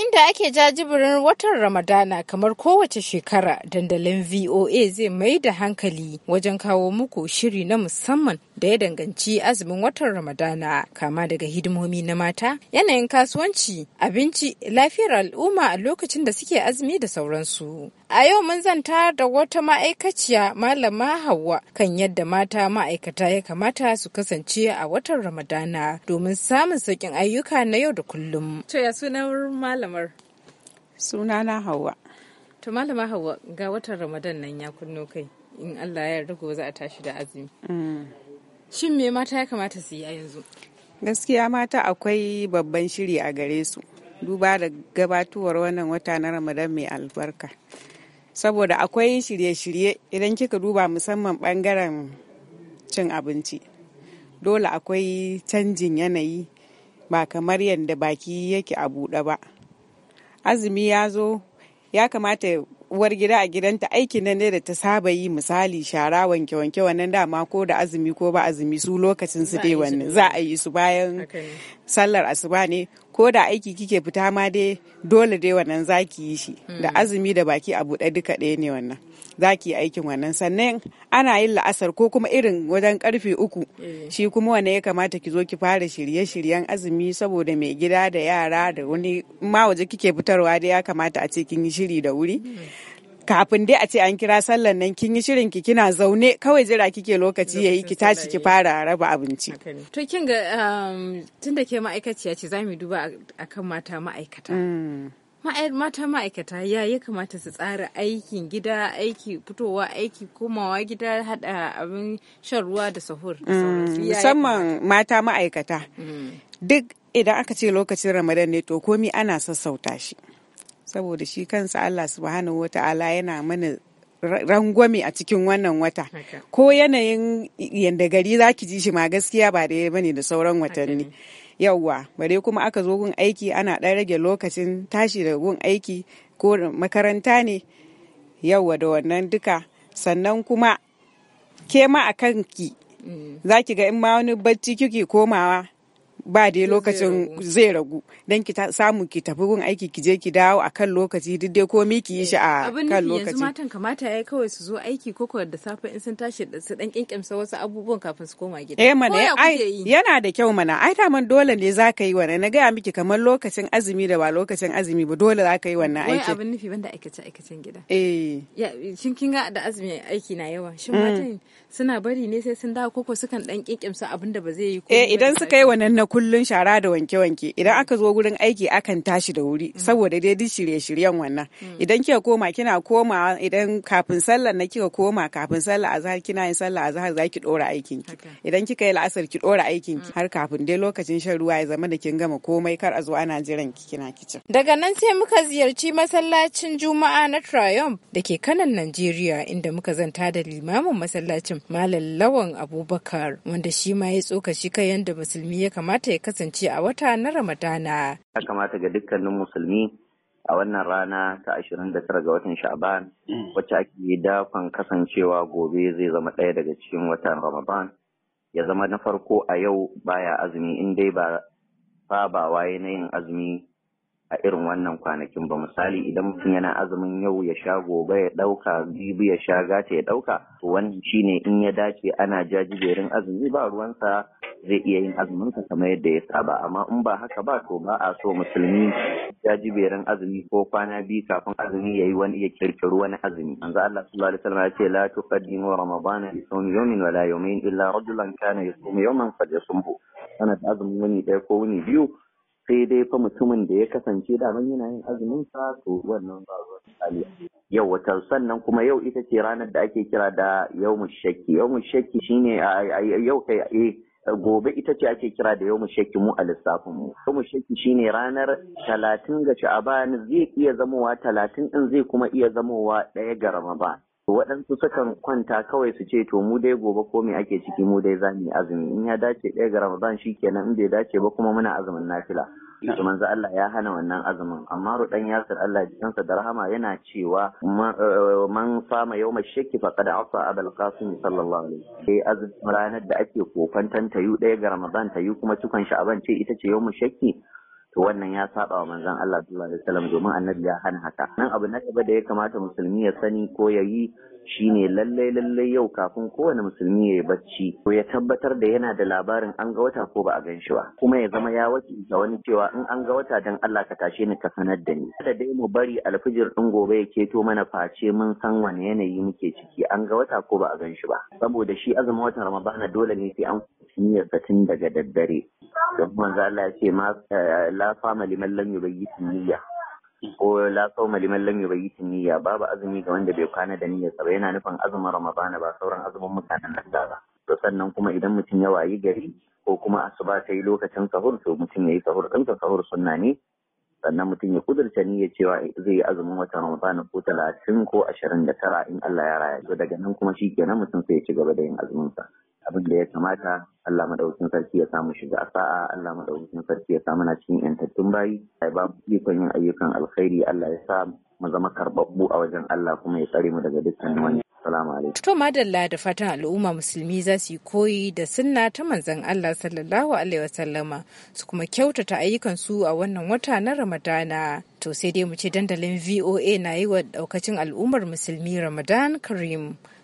Yayin da ake jajibirin watan Ramadana kamar kowace shekara dandalin VOA zai mai da hankali wajen kawo muku shiri na musamman da ya danganci azumin watan Ramadana kama daga hidimomi na mata, yanayin kasuwanci, abinci, lafiyar al'umma a lokacin da suke azumi da sauransu. A yau mun zanta da wata ma'aikaciya Malama Hauwa kan yadda mata ma'aikata ya kamata su kasance a watan Ramadana domin samun sauƙin ayyuka na yau da kullum. To ya sunan malamar? Sunana Hauwa. To Malama Hauwa ga watan Ramadan nan ya kunno kai in Allah ya yarda gobe za a tashi da azumi. Mm. Shin me mata ya kamata su yi a yanzu? Gaskiya mata akwai babban shiri a gare su. Duba da gabatuwar wannan wata na Ramadan mai albarka. saboda akwai shirye-shirye idan kika duba musamman bangaren cin abinci dole akwai canjin yanayi ba kamar yadda baki yake a buɗe ba azumi ya zo ya kamata uwar gida a gidanta aikin nan ne da ta saba yi misali shara wanke wanke wannan dama ko da azumi ko ba azumi su lokacin su dai wannan za a yi su bayan sallar asuba ne ko da aiki kike fita ma dai dole dai wannan zaki yi shi da hmm. azumi da baki a buɗe duka ɗaya ne wannan zaki yi aikin wannan sannan ana yin la'asar ko kuma irin wajen karfe uku eh. shi kuma wane ya kamata ki zo ki fara shirye-shiryen azumi saboda mai gida da yara da wani ma waje kike fitarwa da ya kamata a ce kin yi shiri da wuri hmm. kafin dai a ce an kira sallan nan kin yi shirin ki kina zaune kawai jira kike lokaci ya yi ki tashi ki fara raba abinci to kin ga um, tunda ke ma'aikaciya ce za yi duba akan mata ma'aikata hmm. mata ma'aikata ya ya kamata su tsara aikin gida aiki fitowa aiki komawa gida hada abin shan ruwa da sahur mm, musamman mata ma'aikata mm. duk idan aka ce lokacin ramadan ne to komi ana sassauta shi saboda shi kansa allah subhanahu ala yana mana rangwame a cikin wannan wata ko yanayin yadda gari za ki ji shi ma gaskiya ba da ya bane da sauran watanni yauwa bare kuma aka zo gun aiki ana ɗan rage lokacin tashi daga gun aiki ko makaranta ne yauwa da wannan duka sannan kuma ke ma a kanki mm. za ki ga in ma wani bacci kike komawa ba dai lokacin zai ragu don ki samu ki tafi gun aiki ki je ki dawo a kan lokaci duk dai komai ki yi shi a eh, kan lokaci yanzu matan kamata ya kawai su zo aiki ko da safe in sun tashi su dan kinkimsa wasu abubuwan kafin su koma gida eh mana ai yana da kyau mana ai man dole ne za ka yi wannan na gaya miki kamar lokacin azumi da ba lokacin azumi ba dole za ka yi wannan aiki wai abin nufi banda aikace aikacen gida eh shin kin ga da azumi aiki na yawa shin mm. matan suna bari ne sai sun dawo koko sukan dan kinkimsa abin da ba zai yi ko eh idan suka yi wannan na kullun shara da wanke-wanke idan aka zo wurin aiki akan tashi da wuri mm. saboda dai duk shirye-shiryen wannan mm. idan kika koma kina koma idan kafin sallar na kika koma kafin sallar azhar kina yin sallar azhar zaki dora aikin ki idan kika yi la'asar ki dora aikin ki mm. har kafin dai lokacin shan ruwa ya zama da kin gama komai kar a zo ana jiran ki kina kicin daga nan sai muka ziyarci masallacin juma'a na Triumph da ke kanan Najeriya inda muka zanta da limamin masallacin Malam Lawan Abubakar wanda shi ma ya tsokaci kai yanda musulmi ya kamata kamata ya kasance a wata na Ramadana. Ya kamata ga dukkanin musulmi a wannan rana ta 29 ga watan Sha'ban mm. wacce ake dakon kasancewa gobe zai zama ɗaya daga cikin watan Ramadan ya zama na farko a yau baya azumi in dai ba sabawa yanayin yin azumi a irin wannan kwanakin ba misali idan mutum yana azumin yau ya sha gobe ya ɗauka bibi ya sha gata ya ɗauka. to shine in ya dace ana jajiberin azumi ba ruwansa zai iya yin azuminsa kamar yadda ya saba amma in ba haka ba to ba a so musulmi ya ji beran azumi ko kwana biyu kafin azumi yayi wani ya kirkiri wani azumi manzo Allah sallallahu alaihi wasallam ya ce la tuqaddimu ramadana bi sawm yawmin wala yawmin illa rajulan kana yusum yawman falyasumhu kana da azumin wani ɗaya ko wani biyu sai dai fa mutumin da ya kasance da yana yin azumin sa to wannan ba ruwan yau wata sannan kuma yau ita ce ranar da ake kira da yau shakki yau shakki shine yau kai eh gobe ita ce ake kira da yawon shekki mu a lissafin mu yawon shi shine ranar talatin ga sha'aban zai iya zamowa talatin ɗin zai kuma iya zamowa ɗaya ga ramadan waɗansu sukan kwanta kawai su ce to mu dai gobe ko me ake ciki mu dai zamu azumi in ya dace ɗaya ga ramadan shi kenan in bai dace ba kuma muna azumin nafila to manzo Allah ya hana wannan azumin amma rudan yasir Allah jikansa da rahama yana cewa eh, man fama yawma shakki faqad asa abul qasim sallallahu alaihi sai azumin ranar da ake kofan yu ɗaya ga ramadan tayu kuma cikon sha'aban ce ita ce yawmu shakki to wannan ya saba wa manzon Allah sallallahu alaihi wasallam domin annabi ya hana haka nan abu na gaba da ya kamata musulmi ya sani ko ya yi shine lalle lalle yau kafin kowane musulmi ya bacci ko ya tabbatar da yana da labarin an ga wata ko ba a gan shi ba kuma ya zama ya da wani cewa in an ga wata dan Allah ka tashe ni ka sanar da ni kada dai mu bari alfijir din gobe ya keto mana face mun san wane yanayi muke ciki an ga wata ko ba a gan shi ba saboda shi azumin watan Ramadana dole ne sai an niyyarsa tun daga daddare don kuma za ya ce ma eh, la fama liman yi tun niyya ko la fama liman yi tun niyya babu azumi ga wanda bai kwana da niyyar ba yana nufin azumin ramadana ba sauran azumin mutanen da ba to sannan kuma idan mutum ya wayi gari ko kuma asuba ta yi lokacin sahur to mutum ya yi sahur sa sahur sunna ne sannan mutum ya kudurta niyyar cewa zai yi azumin watan ramadana ko talatin ko ashirin da tara in Allah ya raya to daga nan kuma shi kenan mutum sai ya ci gaba da yin azumin sa abin da ya kamata Allah madaukakin sarki ya samu shiga a sa'a Allah madaukakin sarki ya samu na cikin yantattun bayi ai ba ikon yin ayyukan alkhairi Allah ya sa mu zama karbabbu a wajen Allah kuma ya tsare mu daga dukkan wani salamu alaikum to madalla da fatan al'umma musulmi za su yi koyi da sunna ta manzon Allah sallallahu alaihi wasallama su kuma kyautata ayyukan su a wannan wata na Ramadana to sai dai mu ce dandalin VOA na yi wa daukacin al'ummar musulmi Ramadan Karim